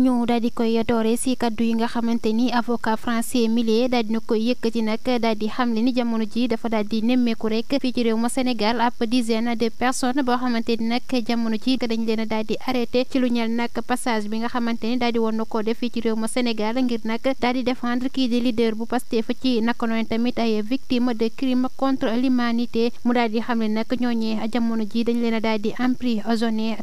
ñu daal di koy doore si kaddu yi nga xamante ni avocat français millier daal na koy yëkkati nag daal xamle ni jamono ji dafa leen a daal ci lu ñel nag passage bi nga xamante ni daal woon na fii ci réew ma Sénégal ngir nag daal défendre kii di leader bu Pastef ci naka noonu tamit ay victime de crime contre l'humanité mu daal xamle nag ñooñee jamono ji dañ leen a daal di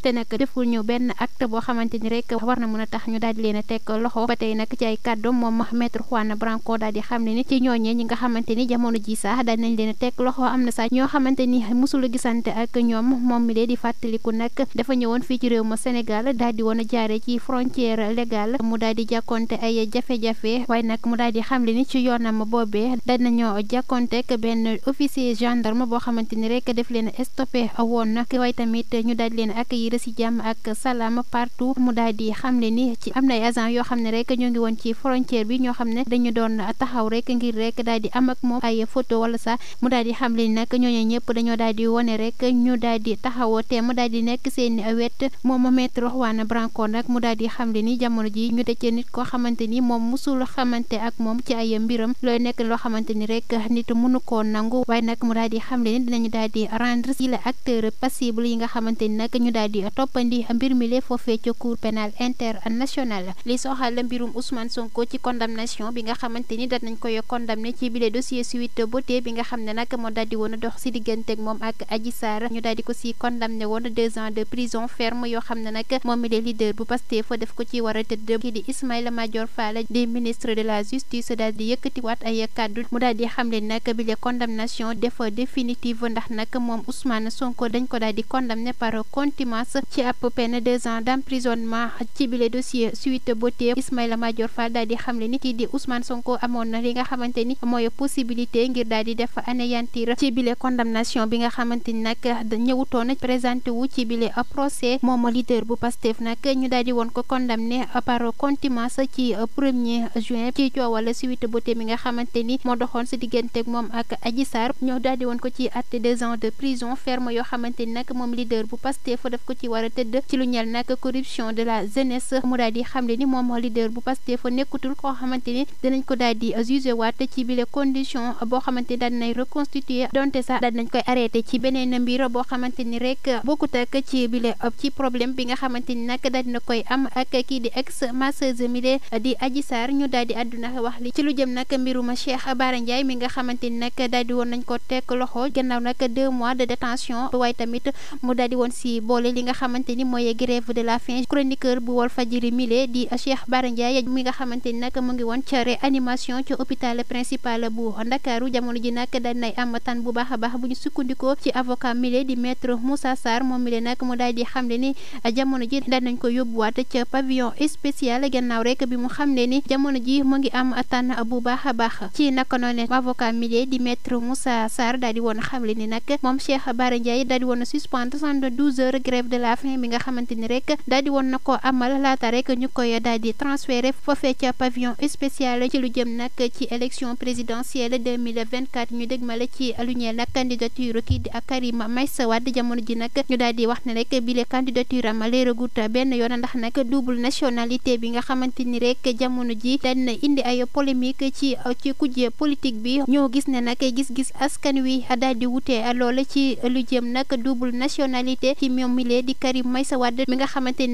te nag deful ñu benn acte boo xamante ni rek war a ñu daal di leen a teg loxo ba tey nag ci ay kàddu moom maître Juan Branco daal di xam ne ni ci ñooñee ñi nga xamante ni jamono ji sax daal nañ leen a teg loxo am na sax ñoo xamante ni musula gisante ak ñoom moom mi lee di fàttaliku nag dafa ñëwoon fii ci réew ma Sénégal daal di woon a jaare ci frontière légale mu daal di jàkkonte ay jafe-jafe waaye nag mu daal di xam le ni ci yoonam boobee daal nañoo jàkkonteek benn officier gendarme boo xamante ni rek def leen stoppé woon nag waaye tamit ñu daal di leen accueillir si jàmm ak salaam partout mu daal di xam ci am na ay agent yoo xam ne rek ñoo ngi woon ci frontière bi ñoo xam ne dañu doon taxaw rek ngir rekk daal di am ak moom ay photo wala sax mu daal di xam li nag ñooñu ñëpp dañoo daal di wone rek ñu daal di taxawoo te mu daal di nekk seen wet moom maître Juan Branco nag mu daal di xam li ni jamono ji ñu dëcc nit koo xamante ni moom musul xamante ak moom ci ay mbiram looy nekk loo xamante ni rek nit mënu koo nangu waaye nag mu daal di xam li ni dinañu daal di rendre si la acteur passible yi nga xamante ni nag ñu daal di toppandi mbir mi lee foofee ca cour pénal international nationale li soxal mbirum Ousmane Sonko ci condamnation bi nga xamante ni dat nañ koy condamné ci bile dossier suite beauté bi nga xam ne nag moo daal di woon a dox si moom ak Adji Sarr ñu daal ko ci war tëdd kii di Ismaïla Madior Fall di ministre de la justice daal di yëkkatiwaat ay kàddu mu daal xamle nag bi condamnation def définitive ndax nag moom Ousmane Sonko dañ ko daal di condamné par ci ab peine deux ans ci bile ci suite ba tey Ismaïla Madior Fall daal di xamle nit yi di Ousmane Sonko amoon na li nga xamante ni mooy possibilité ngir daal di def anéantir ci bile condamnation bi nga xamante ni nag ñëwutoon présenté wu ci bile procès moom leader bu Pastef nag ñu daal di woon ko condamné par contumace ci premier juin ci coowal suite ba tey nga xamante ni moo doxoon si diggante moom ak Adji Sarr ñoo di woon ko ci at deux ans de prison ferme yoo xamante ni nag a daal di xamle ni moom leader bu Pastef nekkutul ko xamante ni dinañ ko daal di jugé waat ci bile condition boo xamante ni daal di nay reconstituer donte sax daal nañ koy arrêté ci beneen mbir boo ni rek bokkut ak ci bile ci problème bi nga xamante ni nag daal na koy am ak kii di ex masseuse mi di Adji Sarr ñu daal di àdduna wax li ci lu jëm nag mbiruma Cheikh Bara Ndiaye mi nga xamante ni nag daal woon nañ ko teg loxo gannaaw nak deux mois de détention waaye tamit mu daal woon si boole li nga xamante ni mooy grève mile di Cheikh Bara Ndiaye mi nga xamante ni nag mu ngi woon ca réanimation ci hôpital principal bu Ndakaaru jamono ji nag dañ nay am tan bu baax a baax bu ñu sukkandikoo ci avocat mile di maître Moussa Sarr moom mile nag mu daal di xamle ni jamono ji dañ nañ ko yóbbuwaat ca pavillon spécial gannaaw rek bi mu xamle ni jamono ji mu ngi am tan bu baax a baax ci naka noonu avocat mile di maître Moussa Sarr daal di woon xamle ni nag moom Cheikh Bara Ndiaye daal rek ñu koy daal di transféré foofee ca pavillon spécial ci lu jëm nag ci élection présidentielle 2024 ñu dégmal ci lu ñeel nag kii ak Karim Meïssa Wade jamono ji nag ñu daal wax ne rek bile candidature am leeragut benn yoon ndax nag double nationalité bi nga xamante ni rek jamono ji dañ na indi ay polémique ci ci kujje bi ñoo gis ne nag gis-gis askan wi daal di wute loole ci lu jëm nag double nationalité ci moom mi lee di Karim Meïssa Wade mi nga xamante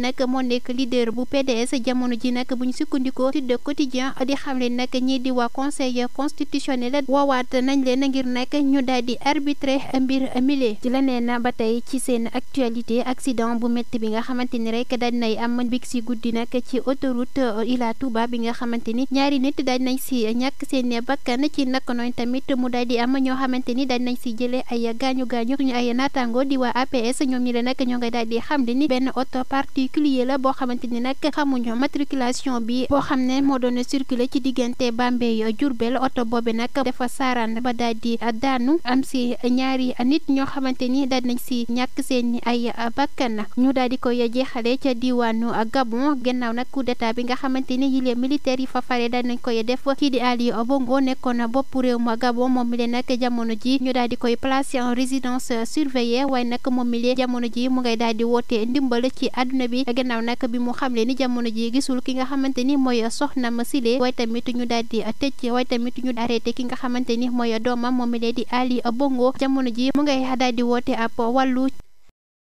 PDS jamono ji nag bu ñu sukkandikoo ci de quotidien di xamle nag ñii di waa conseil constitutionnel woowaat nañ leen ngir nag ñu daal di arbitré mbir mile ci leneen ba tey ci seen actualité accident bu métti bi nga xamante ni rek daal nay am big si guddi nag ci autoroute Ila Touba bi nga xamante ni ñaari nit daal nañ si ñàkk seen bakkan ci nak noonu tamit mu daal di am ñoo xamante ni daal nañ si jëlee ay gaañu gaañu ñu ay naataango di waa APS ñoom que xamuñu matriculation bi boo xam ne moo doon circuler ci diggante Bambey Diourbel oto boobi nag dafa saaraan ba daal di daanu am si ñaari nit ñoo xamante ni daal nañ si ñàkk seen ay bakkan ñu daal di koy jeexale ca diwaanu Gabon gannaaw nag coup d'état bi nga xamante ni yile militaires yi fa fare daal nañ koy def kii di Ali Bongo nekkoon bopp réew ma Gabon moom mi lee nag jamono ji ñu daal di koy placer en résidence surveillée waaye nag moom mi lee jamono ji mu ngay daal di ni ji gisul ki nga xamante ni mooy soxna ma sile waaye tamit ñu daal a tëj waaye tamit ñu arrêté ki nga xamante ni mooy doomam moom mi di Ali Bongo jamono ji mu ngay daal di woote ab wàllu